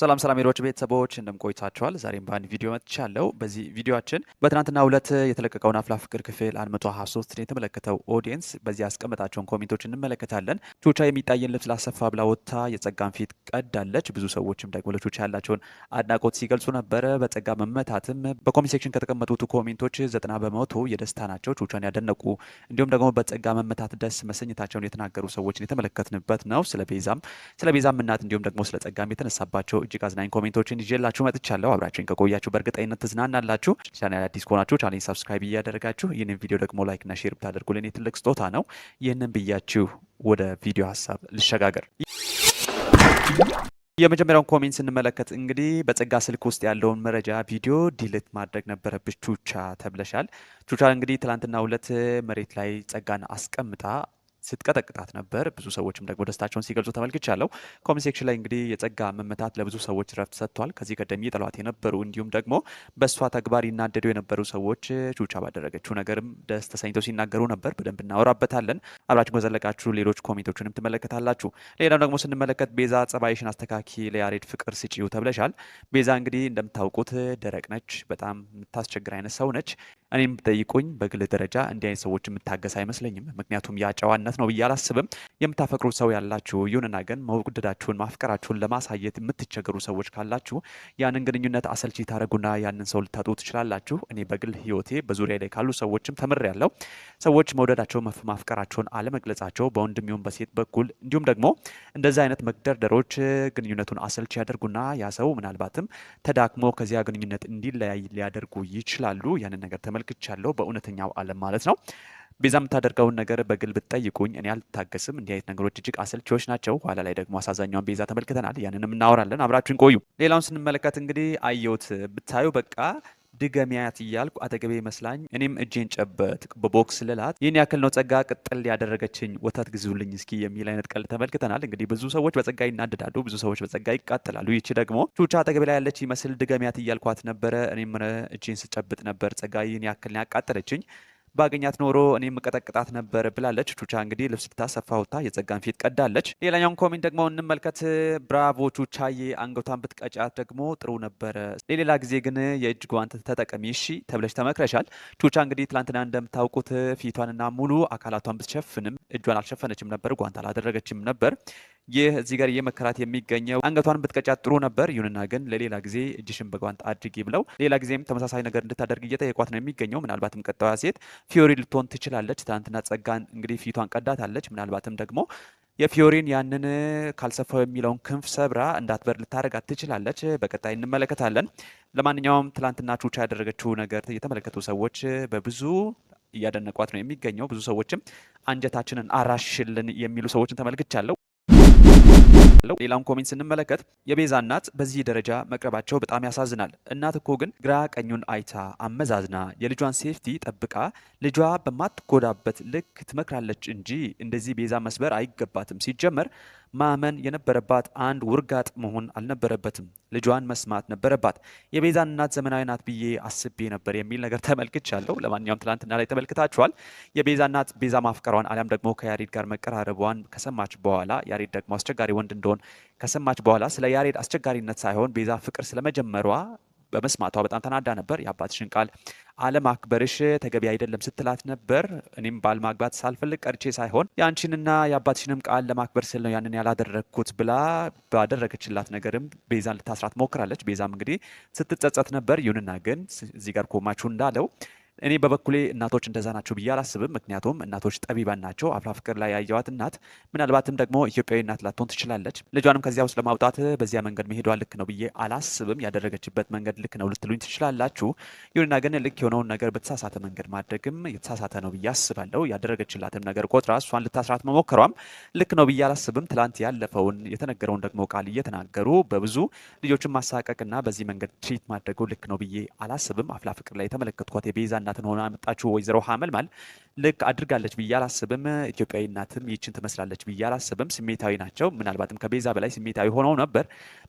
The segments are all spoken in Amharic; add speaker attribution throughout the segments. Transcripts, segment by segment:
Speaker 1: ሰላም ሰላም ሄዶች ቤተሰቦች እንደምቆይታችኋል። ዛሬም በአንድ ቪዲዮ መጥቻለሁ። በዚህ ቪዲዮችን በትናንትና ሁለት የተለቀቀውን አፍላ ፍቅር ክፍል 123 የተመለከተው ኦዲየንስ በዚህ ያስቀመጣቸውን ኮሜንቶች እንመለከታለን። ቹቻ የሚጣየን ልብስ ላሰፋ ብላ ወጥታ የጸጋን ፊት ቀዳለች። ብዙ ሰዎችም ደግሞ ለቹቻ ያላቸውን አድናቆት ሲገልጹ ነበረ። በጸጋ መመታትም በኮሜንት ሴክሽን ከተቀመጡት ኮሜንቶች ዘጠና በመቶ የደስታ ናቸው፣ ቹቻን ያደነቁ እንዲሁም ደግሞ በጸጋ መመታት ደስ መሰኘታቸውን የተናገሩ ሰዎችን የተመለከትንበት ነው። ስለ ቤዛም ስለ ቤዛም እናት እንዲሁም ደግሞ ስለ ጸጋም የተነሳባቸው እጅግ አዝናኝ ኮሜንቶችን ይዤላችሁ መጥቻለሁ። አብራችን ከቆያችሁ በእርግጠኝነት ትዝናናላችሁ። ቻናል አዲስ ከሆናችሁ ቻናል ሰብስክራይብ እያደረጋችሁ ይህንን ቪዲዮ ደግሞ ላይክና ሼር ብታደርጉልን የትልቅ ስጦታ ነው። ይህንን ብያችሁ ወደ ቪዲዮ ሀሳብ ልሸጋገር። የመጀመሪያውን ኮሜንት ስንመለከት እንግዲህ በጸጋ ስልክ ውስጥ ያለውን መረጃ ቪዲዮ ዲልት ማድረግ ነበረብሽ ቹቻ ተብለሻል። ቹቻ እንግዲህ ትላንትና ሁለት መሬት ላይ ጸጋን አስቀምጣ ስትቀጠቅጣት ነበር። ብዙ ሰዎችም ደግሞ ደስታቸውን ሲገልጹ ተመልክቻለሁ። ኮሜንት ሴክሽን ላይ እንግዲህ የጸጋ መመታት ለብዙ ሰዎች ረፍት ሰጥቷል። ከዚህ ቀደም ይጠሏት የነበሩ እንዲሁም ደግሞ በእሷ ተግባር ይናደዱ የነበሩ ሰዎች ቹቻ ባደረገችው ነገርም ደስ ተሰኝተው ሲናገሩ ነበር። በደንብ እናወራበታለን። አብራችን ከዘለቃችሁ ሌሎች ኮሜንቶችንም ትመለከታላችሁ። ሌላው ደግሞ ስንመለከት ቤዛ ጸባይሽን አስተካኪ፣ ለያሬድ ፍቅር ስጪው ተብለሻል። ቤዛ እንግዲህ እንደምታውቁት ደረቅ ነች። በጣም የምታስቸግር አይነት ሰው ነች። እኔም ጠይቁኝ በግል ደረጃ እንዲህ አይነት ሰዎች የምታገስ አይመስለኝም። ምክንያቱም ያ ጨዋነት ነው ብዬ አላስብም። የምታፈቅሩት ሰው ያላችሁ፣ ይሁንና ግን መውደዳችሁን ማፍቀራችሁን ለማሳየት የምትቸገሩ ሰዎች ካላችሁ ያንን ግንኙነት አሰልቺ ታደረጉና ያንን ሰው ልታጡ ትችላላችሁ። እኔ በግል ህይወቴ በዙሪያ ላይ ካሉ ሰዎችም ተምሬያለሁ። ሰዎች መውደዳቸው ማፍቀራቸውን አለመግለጻቸው በወንድም ይሁን በሴት በኩል እንዲሁም ደግሞ እንደዚህ አይነት መግደርደሮች ግንኙነቱን አሰልቺ ያደርጉና ያ ሰው ምናልባትም ተዳክሞ ከዚያ ግንኙነት እንዲለያይ ሊያደርጉ ይችላሉ። ያንን ነገር ተመልክቻለሁ፣ በእውነተኛው ዓለም ማለት ነው። ቤዛ የምታደርገውን ነገር በግል ብትጠይቁኝ እኔ አልታገስም። እንዲህ አይነት ነገሮች እጅግ አሰልቺዎች ናቸው። ኋላ ላይ ደግሞ አሳዛኛውን ቤዛ ተመልክተናል። ያንንም እናወራለን። አብራችሁን ቆዩ። ሌላውን ስንመለከት እንግዲህ አየሁት ብታዩ በቃ ድገሚያት እያልኩ አጠገቤ ይመስላኝ እኔም እጄን ጨበት በቦክስ ልላት ይህን ያክል ነው ጸጋ ቅጥል ያደረገችኝ ወተት ግዙልኝ እስኪ የሚል አይነት ቀልድ ተመልክተናል። እንግዲህ ብዙ ሰዎች በጸጋ ይናደዳሉ፣ ብዙ ሰዎች በጸጋ ይቃጠላሉ። ይቺ ደግሞ ቹቻ አጠገቤ ላይ ያለች ይመስል ድገሚያት እያልኳት ነበረ። እኔም እጄን ስጨብጥ ነበር። ጸጋ ይህን ያክል ያቃጠለችኝ ባገኛት ኖሮ እኔ ቀጠቅጣት ነበር ብላለች። ቹቻ እንግዲህ ልብስ ልታሰፋ ወጥታ የጸጋን ፊት ቀዳለች። ሌላኛውን ኮሜንት ደግሞ እንመልከት። ብራቮ ቹቻዬ፣ አንገቷን ብትቀጫት ደግሞ ጥሩ ነበረ። ለሌላ ጊዜ ግን የእጅ ጓንት ተጠቀሚ እሺ ተብለች ተመክረሻል። ቹቻ እንግዲህ ትላንትና እንደምታውቁት ፊቷንና ሙሉ አካላቷን ብትሸፍንም እጇን አልሸፈነችም ነበር፣ ጓንት አላደረገችም ነበር። ይህ እዚህ ጋር እየመከራት የሚገኘው አንገቷን ብትቀጫት ጥሩ ነበር፣ ይሁንና ግን ለሌላ ጊዜ እጅሽን በጓንት አድርጊ ብለው ሌላ ጊዜም ተመሳሳይ ነገር እንድታደርግ እየጠየቋት ነው የሚገኘው። ምናልባትም ቀጣዩ ሴት ፊዮሪ ልትሆን ትችላለች። ትናንትና ጸጋን እንግዲህ ፊቷን ቀዳታለች። ምናልባትም ደግሞ የፊዮሪን ያንን ካልሰፋው የሚለውን ክንፍ ሰብራ እንዳትበር ልታደርጋት ትችላለች። በቀጣይ እንመለከታለን። ለማንኛውም ትላንትና ቹቻ ያደረገችው ነገር የተመለከቱ ሰዎች በብዙ እያደነቋት ነው የሚገኘው። ብዙ ሰዎችም አንጀታችንን አራሽልን የሚሉ ሰዎችን ተመልክቻለሁ። አለው። ሌላውን ኮሜንት ስንመለከት የቤዛ እናት በዚህ ደረጃ መቅረባቸው በጣም ያሳዝናል። እናት እኮ ግን ግራ ቀኙን አይታ አመዛዝና የልጇን ሴፍቲ ጠብቃ ልጇ በማትጎዳበት ልክ ትመክራለች እንጂ እንደዚህ ቤዛ መስበር አይገባትም። ሲጀመር ማመን የነበረባት አንድ ውርጋጥ መሆን አልነበረበትም። ልጇን መስማት ነበረባት። የቤዛን እናት ዘመናዊ ናት ብዬ አስቤ ነበር የሚል ነገር ተመልክቻለሁ። ለማንኛውም ትላንትና ላይ ተመልክታችኋል። የቤዛ እናት ቤዛ ማፍቀሯን አሊያም ደግሞ ከያሬድ ጋር መቀራረቧን ከሰማች በኋላ ያሬድ ደግሞ አስቸጋሪ ወንድ እንደሆነ መሆናቸውን ከሰማች በኋላ ስለ ያሬድ አስቸጋሪነት ሳይሆን ቤዛ ፍቅር ስለመጀመሯ በመስማቷ በጣም ተናዳ ነበር። የአባትሽን ቃል አለማክበርሽ ተገቢ አይደለም ስትላት ነበር። እኔም ባል ማግባት ሳልፈልግ ቀርቼ ሳይሆን የአንቺንና የአባትሽንም ቃል ለማክበር ስል ነው ያንን ያላደረግኩት ብላ ባደረገችላት ነገርም ቤዛን ልታስራት ሞክራለች። ቤዛም እንግዲህ ስትጸጸት ነበር። ይሁንና ግን እዚህ ጋር ኮማችሁ እንዳለው እኔ በበኩሌ እናቶች እንደዛ ናቸው ብዬ አላስብም። ምክንያቱም እናቶች ጠቢባን ናቸው። አፍላ ፍቅር ላይ ያየዋት እናት ምናልባትም ደግሞ ኢትዮጵያዊ እናት ላትሆን ትችላለች። ልጇንም ከዚያ ውስጥ ለማውጣት በዚያ መንገድ መሄዷ ልክ ነው ብዬ አላስብም። ያደረገችበት መንገድ ልክ ነው ልትሉኝ ትችላላችሁ። ይሁንና ግን ልክ የሆነውን ነገር በተሳሳተ መንገድ ማድረግም የተሳሳተ ነው ብዬ አስባለሁ። ያደረገችላትም ነገር ቆጥራ እሷን ልታስራት መሞከሯም ልክ ነው ብዬ አላስብም። ትላንት ያለፈውን የተነገረውን ደግሞ ቃል እየተናገሩ በብዙ ልጆችን ማሳቀቅና በዚህ መንገድ ትሪት ማድረገው ልክ ነው ብዬ አላስብም። አፍላ ፍቅር ላይ የተመለከትኳት የቤዛ እናትን ሆና መጣችሁ ወይዘሮ ማል ልክ አድርጋለች ብዬ አላስብም። ኢትዮጵያዊ እናትም ይችን ትመስላለች ብዬ አላስብም። ስሜታዊ ናቸው። ምናልባትም ከቤዛ በላይ ስሜታዊ ሆነው ነበር።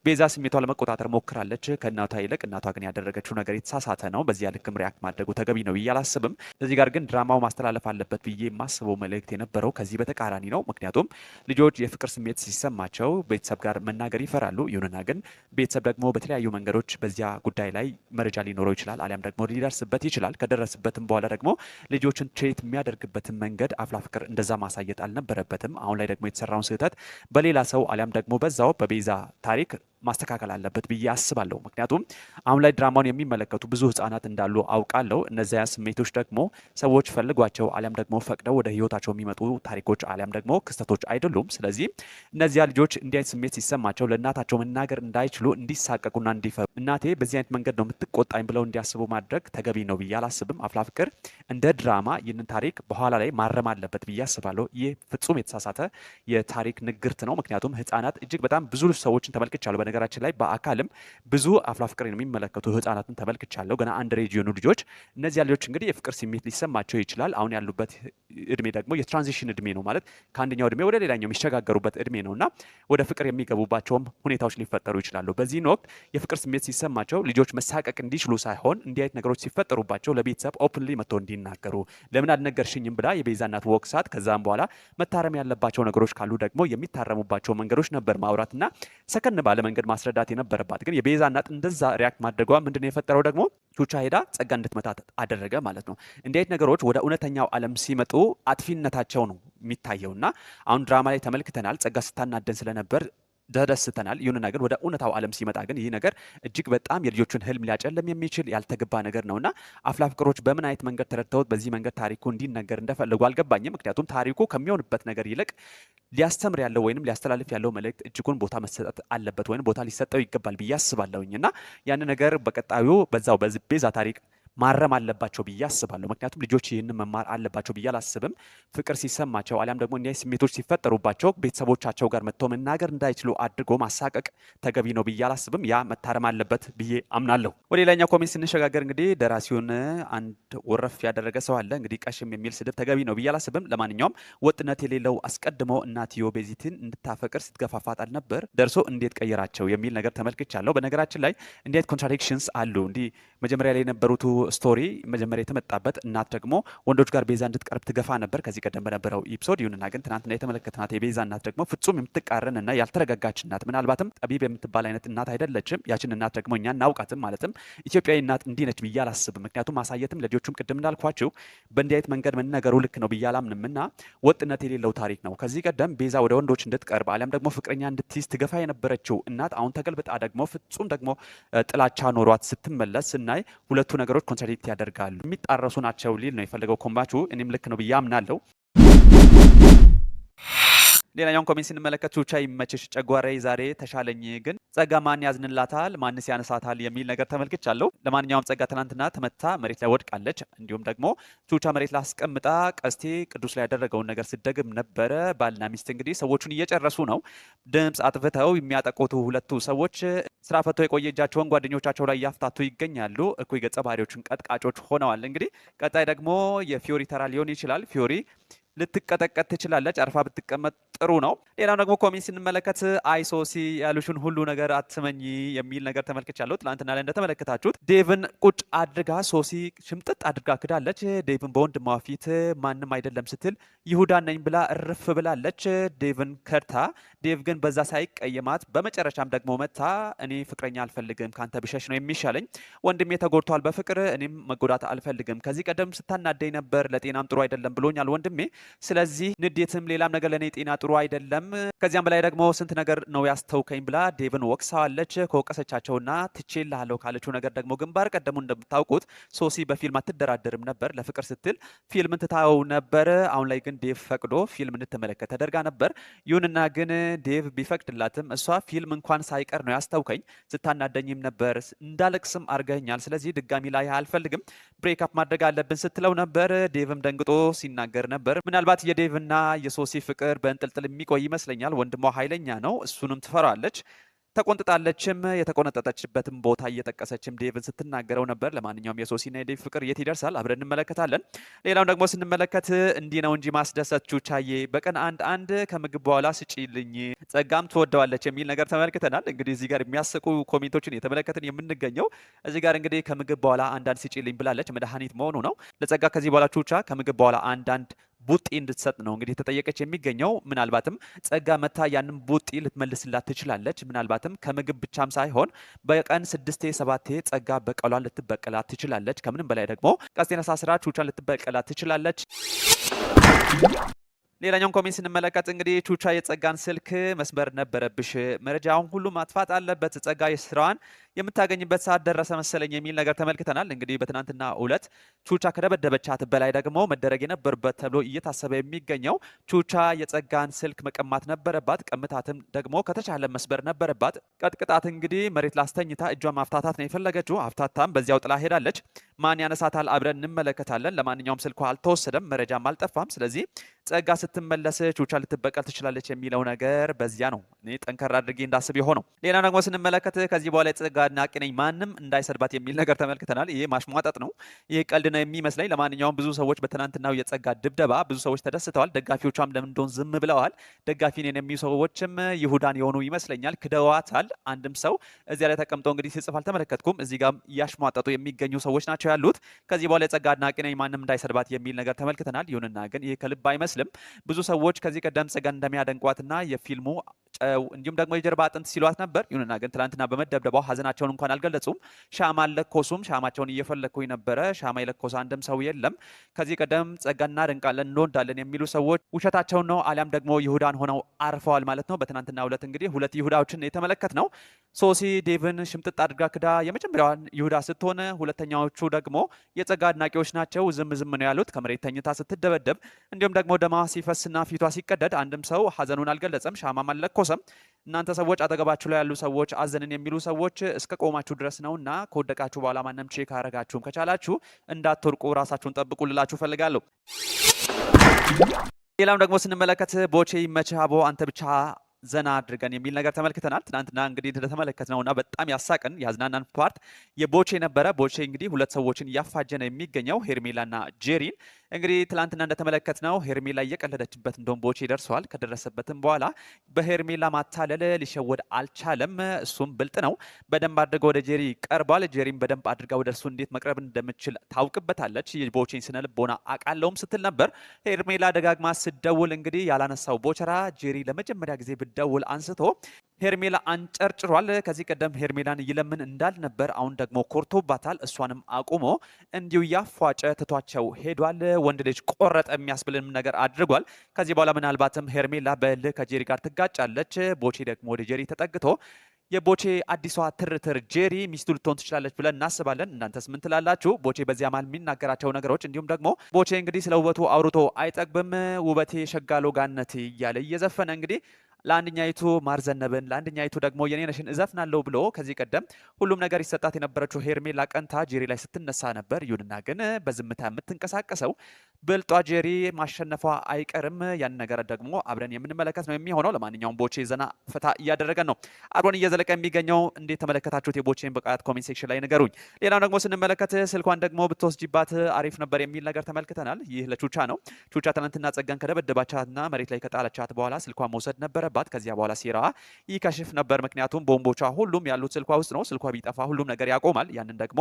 Speaker 1: ቤዛ ስሜቷ ለመቆጣጠር ሞክራለች ከእናቷ ይልቅ። እናቷ ግን ያደረገችው ነገር የተሳሳተ ነው። በዚያ ልክም ሪያክት ማድረጉ ተገቢ ነው ብዬ አላስብም። እዚህ ጋር ግን ድራማው ማስተላለፍ አለበት ብዬ የማስበው መልእክት የነበረው ከዚህ በተቃራኒ ነው። ምክንያቱም ልጆች የፍቅር ስሜት ሲሰማቸው ቤተሰብ ጋር መናገር ይፈራሉ። ይሁንና ግን ቤተሰብ ደግሞ በተለያዩ መንገዶች በዚያ ጉዳይ ላይ መረጃ ሊኖረው ይችላል፣ አሊያም ደግሞ ሊደርስበት ይችላል። ከደረሰ የሚደርስበትም በኋላ ደግሞ ልጆችን ትሬት የሚያደርግበትን መንገድ አፍላ ፍቅር እንደዛ ማሳየት አልነበረበትም። አሁን ላይ ደግሞ የተሰራውን ስህተት በሌላ ሰው አሊያም ደግሞ በዛው በቤዛ ታሪክ ማስተካከል አለበት ብዬ አስባለሁ። ምክንያቱም አሁን ላይ ድራማውን የሚመለከቱ ብዙ ህጻናት እንዳሉ አውቃለሁ። እነዚያ ስሜቶች ደግሞ ሰዎች ፈልጓቸው አሊያም ደግሞ ፈቅደው ወደ ህይወታቸው የሚመጡ ታሪኮች አሊያም ደግሞ ክስተቶች አይደሉም። ስለዚህ እነዚያ ልጆች እንዲህ አይነት ስሜት ሲሰማቸው ለእናታቸው መናገር እንዳይችሉ እንዲሳቀቁና እንዲፈሩ እናቴ በዚህ አይነት መንገድ ነው የምትቆጣኝ ብለው እንዲያስቡ ማድረግ ተገቢ ነው ብዬ አላስብም። ወይም አፍላ ፍቅር እንደ ድራማ ይህንን ታሪክ በኋላ ላይ ማረም አለበት ብዬ አስባለሁ። ይህ ፍጹም የተሳሳተ የታሪክ ንግርት ነው። ምክንያቱም ህጻናት እጅግ በጣም ብዙ ሰዎችን ተመልክቻለሁ። በነገራችን ላይ በአካልም ብዙ አፍላ ፍቅር የሚመለከቱ ህጻናትን ተመልክቻለሁ። ገና አንድ ሬጅ የሆኑ ልጆች። እነዚያ ልጆች እንግዲህ የፍቅር ስሜት ሊሰማቸው ይችላል። አሁን ያሉበት እድሜ ደግሞ የትራንዚሽን እድሜ ነው ማለት ከአንደኛው እድሜ ወደ ሌላኛው የሚሸጋገሩበት እድሜ ነው እና ወደ ፍቅር የሚገቡባቸውም ሁኔታዎች ሊፈጠሩ ይችላሉ። በዚህን ወቅት የፍቅር ስሜት ሲሰማቸው ልጆች መሳቀቅ እንዲችሉ ሳይሆን እንዲህ አይነት ነገሮች ሲፈጠሩባቸው ለቤት ቤተሰብ ኦፕንሊ መጥቶ እንዲናገሩ ለምን አልነገርሽኝም ብላ የቤዛ እናት ወቅሳት። ከዛም በኋላ መታረም ያለባቸው ነገሮች ካሉ ደግሞ የሚታረሙባቸው መንገዶች ነበር ማውራትና ሰከን ባለ መንገድ ማስረዳት የነበረባት ግን የቤዛ እናት እንደዛ ሪያክት ማድረጓ ምንድን ነው የፈጠረው ደግሞ ቹቻ ሄዳ ጸጋ እንድትመታት አደረገ ማለት ነው። እንዴት ነገሮች ወደ እውነተኛው ዓለም ሲመጡ አጥፊነታቸው ነው የሚታየውና አሁን ድራማ ላይ ተመልክተናል። ጸጋ ስታናደን ስለነበር ተደስተናል። ይሁንና ግን ወደ እውነታው ዓለም ሲመጣ ግን ይህ ነገር እጅግ በጣም የልጆቹን ህልም ሊያጨልም የሚችል ያልተገባ ነገር ነውና አፍላ ፍቅሮች በምን አይነት መንገድ ተረድተውት በዚህ መንገድ ታሪኩ እንዲነገር እንደፈለጉ አልገባኝም። ምክንያቱም ታሪኩ ከሚሆንበት ነገር ይልቅ ሊያስተምር ያለው ወይንም ሊያስተላልፍ ያለው መልእክት እጅጉን ቦታ መሰጠት አለበት ወይም ቦታ ሊሰጠው ይገባል ብዬ አስባለሁኝ እና ያን ነገር በቀጣዩ በዛው በዚህ ቤዛ ታሪክ ማረም አለባቸው ብዬ አስባለሁ። ምክንያቱም ልጆች ይህንን መማር አለባቸው ብዬ አላስብም። ፍቅር ሲሰማቸው አሊያም ደግሞ እንዲህ ስሜቶች ሲፈጠሩባቸው ቤተሰቦቻቸው ጋር መጥተው መናገር እንዳይችሉ አድርጎ ማሳቀቅ ተገቢ ነው ብዬ አላስብም። ያ መታረም አለበት ብዬ አምናለሁ። ወደ ሌላኛው ኮሜንት ስንሸጋገር እንግዲህ ደራሲውን አንድ ወረፍ ያደረገ ሰው አለ። እንግዲህ ቀሽም የሚል ስድብ ተገቢ ነው ብዬ አላስብም። ለማንኛውም ወጥነት የሌለው አስቀድሞ እናትዮ ቤዚትን እንድታፈቅር ስትገፋፋት አልነበር ደርሶ እንዴት ቀየራቸው የሚል ነገር ተመልክቻለሁ። በነገራችን ላይ እንዴት ኮንትራዲክሽንስ አሉ እንዲህ መጀመሪያ ላይ የነበሩት ስቶሪ መጀመሪያ የተመጣበት እናት ደግሞ ወንዶች ጋር ቤዛ እንድትቀርብ ትገፋ ነበር ከዚህ ቀደም በነበረው ኢፕሶድ። ይሁንና ግን ትናንትና የተመለከትናት የቤዛ እናት ደግሞ ፍጹም የምትቃረን እና ያልተረጋጋች እናት ምናልባትም ጠቢብ የምትባል አይነት እናት አይደለችም። ያችን እናት ደግሞ እኛ እናውቃትም፣ ማለትም ኢትዮጵያዊ እናት እንዲህ ነች ብዬ አላስብም። ምክንያቱም ማሳየትም ለልጆቹም ቅድም እንዳልኳችሁ በእንዲህ አይነት መንገድ መነገሩ ልክ ነው ብዬ አላምንም እና ወጥነት የሌለው ታሪክ ነው። ከዚህ ቀደም ቤዛ ወደ ወንዶች እንድትቀርብ አሊያም ደግሞ ፍቅረኛ እንድትይዝ ትገፋ የነበረችው እናት አሁን ተገልብጣ ደግሞ ፍጹም ደግሞ ጥላቻ ኖሯት ስትመለስ ስናይ ሁለቱ ነገሮች ኮንሰሪት ያደርጋሉ የሚጣረሱ ናቸው ሊል ነው የፈለገው ኮምባቹ። እኔም ልክ ነው ብዬ አምናለሁ። ሌላኛውን ኮሜንት ስንመለከት ቹቻ ይመችሽ፣ ጨጓራዬ ዛሬ ተሻለኝ፣ ግን ጸጋ ማን ያዝንላታል ማንስ ያነሳታል የሚል ነገር ተመልክቻለሁ። ለማንኛውም ጸጋ ትናንትና ተመታ መሬት ላይ ወድቃለች። እንዲሁም ደግሞ ቹቻ መሬት ላይ አስቀምጣ ቀስቴ ቅዱስ ላይ ያደረገውን ነገር ስደግም ነበረ። ባልና ሚስት እንግዲህ ሰዎቹን እየጨረሱ ነው። ድምፅ አጥፍተው የሚያጠቆቱ ሁለቱ ሰዎች ስራ ፈቶ የቆየ እጃቸውን ጓደኞቻቸው ላይ እያፍታቱ ይገኛሉ። እኩይ ገጸ ባህሪዎችን ቀጥቃጮች ሆነዋል። እንግዲህ ቀጣይ ደግሞ የፊዮሪ ተራ ሊሆን ይችላል ፊዮሪ ልትቀጠቀጥ ትችላለች። አርፋ ብትቀመጥ ጥሩ ነው። ሌላው ደግሞ ኮሚን ስንመለከት አይሶሲ ያሉሽን ሁሉ ነገር አትመኝ የሚል ነገር ተመልክቻለሁ። ትናንትና ላይ እንደተመለከታችሁት ዴቭን ቁጭ አድርጋ ሶሲ ሽምጥጥ አድርጋ ክዳለች። ዴቭን በወንድሟ ፊት ማንም አይደለም ስትል ይሁዳ ነኝ ብላ እርፍ ብላለች። ዴቭን ከርታ፣ ዴቭ ግን በዛ ሳይቀይማት በመጨረሻም ደግሞ መታ እኔ ፍቅረኛ አልፈልግም ከአንተ ብሸሽ ነው የሚሻለኝ። ወንድሜ ተጎድቷል በፍቅር እኔም መጎዳት አልፈልግም። ከዚህ ቀደም ስታናደኝ ነበር፣ ለጤናም ጥሩ አይደለም ብሎኛል ወንድሜ ስለዚህ ንዴትም ሌላም ነገር ለእኔ ጤና ጥሩ አይደለም። ከዚያም በላይ ደግሞ ስንት ነገር ነው ያስተውከኝ ብላ ዴቭን ወቅሳዋለች። ከወቀሰቻቸውና ትቼ ላለው ካለችው ነገር ደግሞ ግንባር ቀደሙ እንደምታውቁት ሶሲ በፊልም አትደራደርም ነበር። ለፍቅር ስትል ፊልም ትታው ነበር። አሁን ላይ ግን ዴቭ ፈቅዶ ፊልም እንድትመለከት ተደርጋ ነበር። ይሁንና ግን ዴቭ ቢፈቅድላትም እሷ ፊልም እንኳን ሳይቀር ነው ያስተውከኝ። ስታናደኝም ነበር፣ እንዳለቅስም አርገኛል። ስለዚህ ድጋሚ ላይ አልፈልግም፣ ብሬክ አፕ ማድረግ አለብን ስትለው ነበር። ዴቭም ደንግጦ ሲናገር ነበር። ምናልባት የዴቭና የሶሲ ፍቅር በእንጥልጥል የሚቆይ ይመስለኛል። ወንድሟ ኃይለኛ ነው፣ እሱንም ትፈራለች፣ ተቆንጥጣለችም። የተቆነጠጠችበትም ቦታ እየጠቀሰችም ዴቭን ስትናገረው ነበር። ለማንኛውም የሶሲና የዴቭ ፍቅር የት ይደርሳል? አብረን እንመለከታለን። ሌላውን ደግሞ ስንመለከት እንዲህ ነው እንጂ ማስደሰት ቹቻዬ፣ በቀን አንድ አንድ ከምግብ በኋላ ስጪልኝ፣ ጸጋም ትወደዋለች የሚል ነገር ተመልክተናል። እንግዲህ እዚህ ጋር የሚያስቁ ኮሜንቶችን የተመለከትን የምንገኘው እዚህ ጋር እንግዲህ ከምግብ በኋላ አንዳንድ ስጪልኝ ብላለች፣ መድኃኒት መሆኑ ነው ለጸጋ። ከዚህ በኋላ ቹቻ ከምግብ በኋላ አንዳንድ ቡጢ እንድትሰጥ ነው እንግዲህ ተጠየቀች የሚገኘው። ምናልባትም ጸጋ መታ ያንም ቡጢ ልትመልስላት ትችላለች። ምናልባትም ከምግብ ብቻም ሳይሆን በቀን ስድስቴ ሰባቴ ጸጋ በቀሏን ልትበቀላት ትችላለች። ከምንም በላይ ደግሞ ቀስቴን አሳስራ ቹቻን ልትበቀላት ትችላለች። ሌላኛውን ኮሜንት ስንመለከት እንግዲህ ቹቻ የጸጋን ስልክ መስበር ነበረብሽ፣ መረጃውን ሁሉ ማጥፋት አለበት። ጸጋ የስራዋን የምታገኝበት ሰዓት ደረሰ መሰለኝ የሚል ነገር ተመልክተናል። እንግዲህ በትናንትና ዕለት ቹቻ ከደበደበቻት በላይ ደግሞ መደረግ የነበርበት ተብሎ እየታሰበ የሚገኘው ቹቻ የጸጋን ስልክ መቀማት ነበረባት። ቀምታትም ደግሞ ከተቻለ መስበር ነበረባት። ቀጥቅጣት እንግዲህ መሬት ላስተኝታ እጇን ማፍታታት ነው የፈለገችው። አፍታታም በዚያው ጥላ ሄዳለች። ማን ያነሳታል? አብረን እንመለከታለን። ለማንኛውም ስልኳ አልተወሰደም፣ መረጃም አልጠፋም። ስለዚህ ጸጋ ስትመለስ ቹቻ ልትበቀል ትችላለች የሚለው ነገር በዚያ ነው እኔ ጠንከር አድርጌ እንዳስብ የሆነው። ሌላ ደግሞ ስንመለከት ከዚህ በኋላ የጸጋ አድናቂ ነኝ፣ ማንም እንዳይሰድባት የሚል ነገር ተመልክተናል። ይሄ ማሽሟጠጥ ነው። ይሄ ቀልድ ነው የሚመስለኝ። ለማንኛውም ብዙ ሰዎች በትናንትናው የጸጋ ድብደባ ብዙ ሰዎች ተደስተዋል። ደጋፊዎቿም ለምን እንደሆን ዝም ብለዋል። ደጋፊ ነን የሚሉ ሰዎችም ይሁዳን የሆኑ ይመስለኛል፣ ክደዋታል። አንድም ሰው እዚያ ላይ ተቀምጦ እንግዲህ ሲጽፍ አልተመለከትኩም። እዚህ ጋር እያሽሟጠጡ የሚገኙ ሰዎች ናቸው ያሉት። ከዚህ በኋላ የጸጋ አድናቂ ነኝ፣ ማንም እንዳይሰድባት የሚል ነገር ተመልክተናል። ይሁንና ግን ይህ ከልብ አይመስልም። ብዙ ሰዎች ከዚህ ቀደም ጸጋን እንደሚያደንቋትና የፊልሙ እንዲሁም ደግሞ የጀርባ አጥንት ሲሏት ነበር። ይሁንና ግን ትላንትና በመደብደባው ሀዘናቸውን እንኳን አልገለጹም። ሻማ አልለኮሱም። ሻማቸውን እየፈለግኩኝ ነበረ። ሻማ የለኮሰ አንድም ሰው የለም። ከዚህ ቀደም ጸጋና ድንቃለን እንወዳለን የሚሉ ሰዎች ውሸታቸውን ነው፣ አሊያም ደግሞ ይሁዳን ሆነው አርፈዋል ማለት ነው። በትናንትና ሁለት እንግዲህ ሁለት ይሁዳዎችን የተመለከት ነው። ሶሲ ዴቭን ሽምጥጥ አድርጋ ክዳ የመጀመሪያዋን ይሁዳ ስትሆን ሁለተኛዎቹ ደግሞ የጸጋ አድናቂዎች ናቸው። ዝም ዝም ነው ያሉት ከመሬት ተኝታ ስትደበደብ፣ እንዲሁም ደግሞ ደማ ሲፈስና ፊቷ ሲቀደድ አንድም ሰው ሀዘኑን አልገለጸም፣ ሻማም አልለኮሰም። እናንተ ሰዎች አጠገባችሁ ላይ ያሉ ሰዎች አዘንን የሚሉ ሰዎች እስከ ቆማችሁ ድረስ ነው እና ከወደቃችሁ በኋላ ማንም ቼ ካረጋችሁም ከቻላችሁ እንዳትወርቁ ራሳችሁን ጠብቁ ልላችሁ ፈልጋለሁ። ሌላም ደግሞ ስንመለከት ቦቼ ይመችህ አቦ አንተ ብቻ ዘና አድርገን የሚል ነገር ተመልክተናል። ትናንትና እንግዲህ እንደተመለከትነውና በጣም ያሳቅን ያዝናናን ፓርት የቦቼ ነበረ። ቦቼ እንግዲህ ሁለት ሰዎችን እያፋጀ ነው የሚገኘው ሄርሜላና ጄሪን እንግዲህ ትላንትና ነው ሄርሜላ እየቀለደችበት እንደውም ቦቼ ደርሰዋል። ከደረሰበትም በኋላ በሄርሜላ ማታለል ሊሸወድ አልቻለም። እሱም ብልጥ ነው። በደንብ አድርገ ወደ ጄሪ ቀርቧል። ጄሪም በደንብ አድርጋ ወደ እርሱ እንዴት መቅረብ እንደምችል ታውቅበታለች። ቦቼን ስነ ልቦና አቃለውም ስትል ነበር ሄርሜላ ደጋግማ ስደውል እንግዲህ ያላነሳው ቦቸራ ጄሪ ለመጀመሪያ ጊዜ ብደውል አንስቶ ሄርሜላ አንጨርጭሯል። ከዚህ ቀደም ሄርሜላን ይለምን እንዳልነበር አሁን ደግሞ ኮርቶባታል። እሷንም አቁሞ እንዲሁ ያፏጨ ትቷቸው ሄዷል። ወንድ ልጅ ቆረጠ የሚያስብልንም ነገር አድርጓል። ከዚህ በኋላ ምናልባትም ሄርሜላ በእልህ ከጄሪ ጋር ትጋጫለች። ቦቼ ደግሞ ወደ ጄሪ ተጠግቶ የቦቼ አዲሷ ትርትር ጄሪ ሚስቱ ልትሆን ትችላለች ብለን እናስባለን። እናንተስ ምን ትላላችሁ? ቦቼ በዚያ መሃል የሚናገራቸው ነገሮች እንዲሁም ደግሞ ቦቼ እንግዲህ ስለ ውበቱ አውርቶ አይጠግብም። ውበቴ ሸጋሎ ጋነት እያለ እየዘፈነ እንግዲህ ለአንደኛይቱ ማርዘነብን ለአንደኛይቱ ደግሞ የኔነሽን እዘፍናለሁ ብሎ ከዚህ ቀደም ሁሉም ነገር ይሰጣት የነበረችው ሄርሜላ ቀንታ ጄሪ ላይ ስትነሳ ነበር። ይሁንና ግን በዝምታ የምትንቀሳቀሰው ብልጧ ጄሪ ማሸነፏ አይቀርም። ያን ነገር ደግሞ አብረን የምንመለከት ነው የሚሆነው። ለማንኛውም ቦቼ ዘና ፈታ እያደረገን ነው። አብሮን እየዘለቀ የሚገኘው እንዴት ተመለከታችሁት? የቦቼን ብቃት ኮሜንት ሴክሽን ላይ ንገሩኝ። ሌላው ደግሞ ስንመለከት ስልኳን ደግሞ ብትወስጅባት አሪፍ ነበር የሚል ነገር ተመልክተናል። ይህ ለቹቻ ነው። ቹቻ ትናንትና ጸጋን ከደበደባቻትና መሬት ላይ ከጣለቻት በኋላ ስልኳን መውሰድ ነበረ ስለነበረባት ከዚያ በኋላ ሲራ ይከሽፍ ነበር። ምክንያቱም ቦምቦቿ ሁሉም ያሉት ስልኳ ውስጥ ነው። ስልኳ ቢጠፋ ሁሉም ነገር ያቆማል። ያንን ደግሞ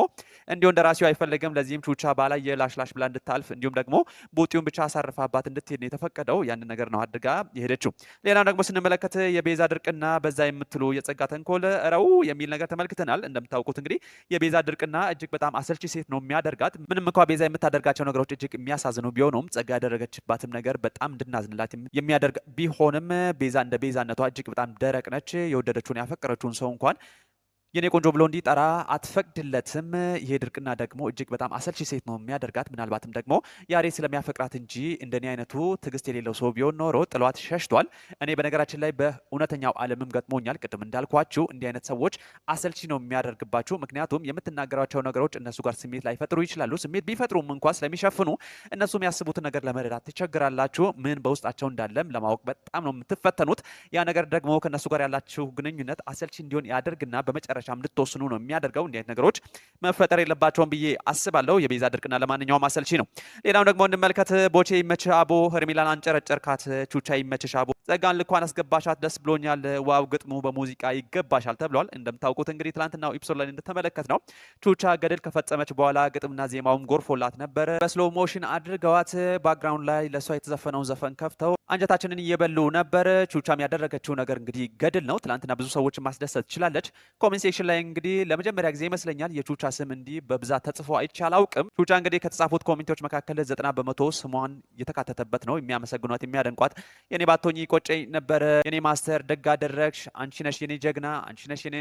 Speaker 1: እንዲሁ እንደራሴው አይፈልግም ለዚህም ቹቻ ባላ የላሽላሽ ብላ እንድታልፍ እንዲሁም ደግሞ ቦጢውን ብቻ አሳርፋባት እንድትሄድ ነው የተፈቀደው። ያንን ነገር ነው አድርጋ የሄደችው። ሌላ ደግሞ ስንመለከት የቤዛ ድርቅና በዛ የምትሉ የጸጋ ተንኮል ረው የሚል ነገር ተመልክተናል። እንደምታውቁት እንግዲህ የቤዛ ድርቅና እጅግ በጣም አሰልቺ ሴት ነው የሚያደርጋት። ምንም እንኳ ቤዛ የምታደርጋቸው ነገሮች እጅግ የሚያሳዝኑ ቢሆኑም ጸጋ ያደረገችባትም ነገር በጣም እንድናዝንላት የሚያደርግ ቢሆንም ቤዛ እንደ ቤዛነቷ እጅግ በጣም ደረቅ ነች። የወደደችውን ያፈቀረችውን ሰው እንኳን የኔ ቆንጆ ብሎ እንዲጠራ አትፈቅድለትም። ይሄ ድርቅና ደግሞ እጅግ በጣም አሰልቺ ሴት ነው የሚያደርጋት። ምናልባትም ደግሞ ያሬ ስለሚያፈቅራት እንጂ እንደኔ አይነቱ ትዕግስት የሌለው ሰው ቢሆን ኖሮ ጥሏት ሸሽቷል። እኔ በነገራችን ላይ በእውነተኛው ዓለምም ገጥሞኛል። ቅድም እንዳልኳችሁ እንዲህ አይነት ሰዎች አሰልቺ ነው የሚያደርግባችሁ። ምክንያቱም የምትናገሯቸው ነገሮች እነሱ ጋር ስሜት ላይፈጥሩ ይችላሉ። ስሜት ቢፈጥሩም እንኳ ስለሚሸፍኑ እነሱ የሚያስቡትን ነገር ለመረዳት ትቸግራላችሁ። ምን በውስጣቸው እንዳለም ለማወቅ በጣም ነው የምትፈተኑት። ያ ነገር ደግሞ ከእነሱ ጋር ያላችሁ ግንኙነት አሰልቺ እንዲሆን ያደርግና በመጨረ መጨረሻ እንድትወስኑ ነው የሚያደርገው። እንዲህ ነገሮች መፈጠር የለባቸውም ብዬ አስባለሁ። የቤዛ ድርቅና ለማንኛውም አሰልቺ ነው። ሌላው ደግሞ እንመልከት። ቦቼ ይመች አቦ፣ ሄርሜላን አንጨረጨርካት፣ ቹቻ ይመችሽ አቦ፣ ጸጋን ልኳን አስገባሻት፣ ደስ ብሎኛል፣ ዋው ግጥሙ በሙዚቃ ይገባሻል ተብሏል። እንደምታውቁት እንግዲህ ትላንትና ኢፕሶ ላይ እንደተመለከት ነው ቹቻ ገድል ከፈጸመች በኋላ ግጥምና ዜማውም ጎርፎላት ነበረ። በስሎ ሞሽን አድርገዋት ባክግራውንድ ላይ ለእሷ የተዘፈነውን ዘፈን ከፍተው አንጀታችንን እየበሉ ነበር። ቹቻም ያደረገችው ነገር እንግዲህ ገድል ነው። ትላንትና ብዙ ሰዎች ማስደሰት ችላለች። ኮሜንት ሴክሽን ላይ እንግዲህ ለመጀመሪያ ጊዜ ይመስለኛል የቹቻ ስም እንዲህ በብዛት ተጽፎ አይቼ አላውቅም። ቹቻ እንግዲህ ከተጻፉት ኮሜንቶች መካከል ዘጠና በመቶ ስሟን የተካተተበት ነው። የሚያመሰግኗት፣ የሚያደንቋት የኔ ባቶኝ ቆጨኝ ነበረ፣ የኔ ማስተር ደግ አደረግሽ፣ አንቺ ነሽ የኔ ጀግና፣ አንቺ ነሽ የኔ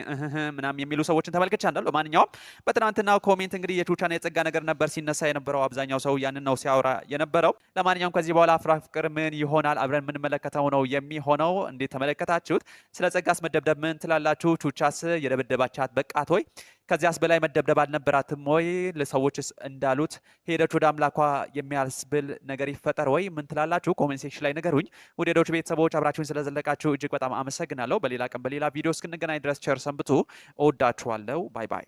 Speaker 1: ምናምን የሚሉ ሰዎችን ተመልክቻለሁ። ለማንኛውም በትናንትና ኮሜንት እንግዲህ የቹቻና የጸጋ ነገር ነበር ሲነሳ የነበረው። አብዛኛው ሰው ያንን ነው ሲያወራ የነበረው። ለማንኛውም ከዚህ በኋላ አፍራ ፍቅር ምን ይሆናል አብረን የምንመለከተው ነው የሚሆነው። እንዴት ተመለከታችሁት? ስለ ጸጋስ መደብደብ ምን ትላላችሁ? ቹቻስ የደበደባቻት በቃት ሆይ ከዚያስ በላይ መደብደብ አልነበራትም ወይ? ለሰዎችስ እንዳሉት ሄደች ወደ አምላኳ የሚያስብል ነገር ይፈጠር ወይ? ምን ትላላችሁ? ኮሜንት ሴክሽን ላይ ነገሩኝ ውድ ዶች ቤተሰቦች አብራችሁን ስለዘለቃችሁ እጅግ በጣም አመሰግናለሁ። በሌላ ቀን በሌላ ቪዲዮ እስክንገናኝ ድረስ ቸር ሰንብቱ። እወዳችኋለሁ። ባይ ባይ።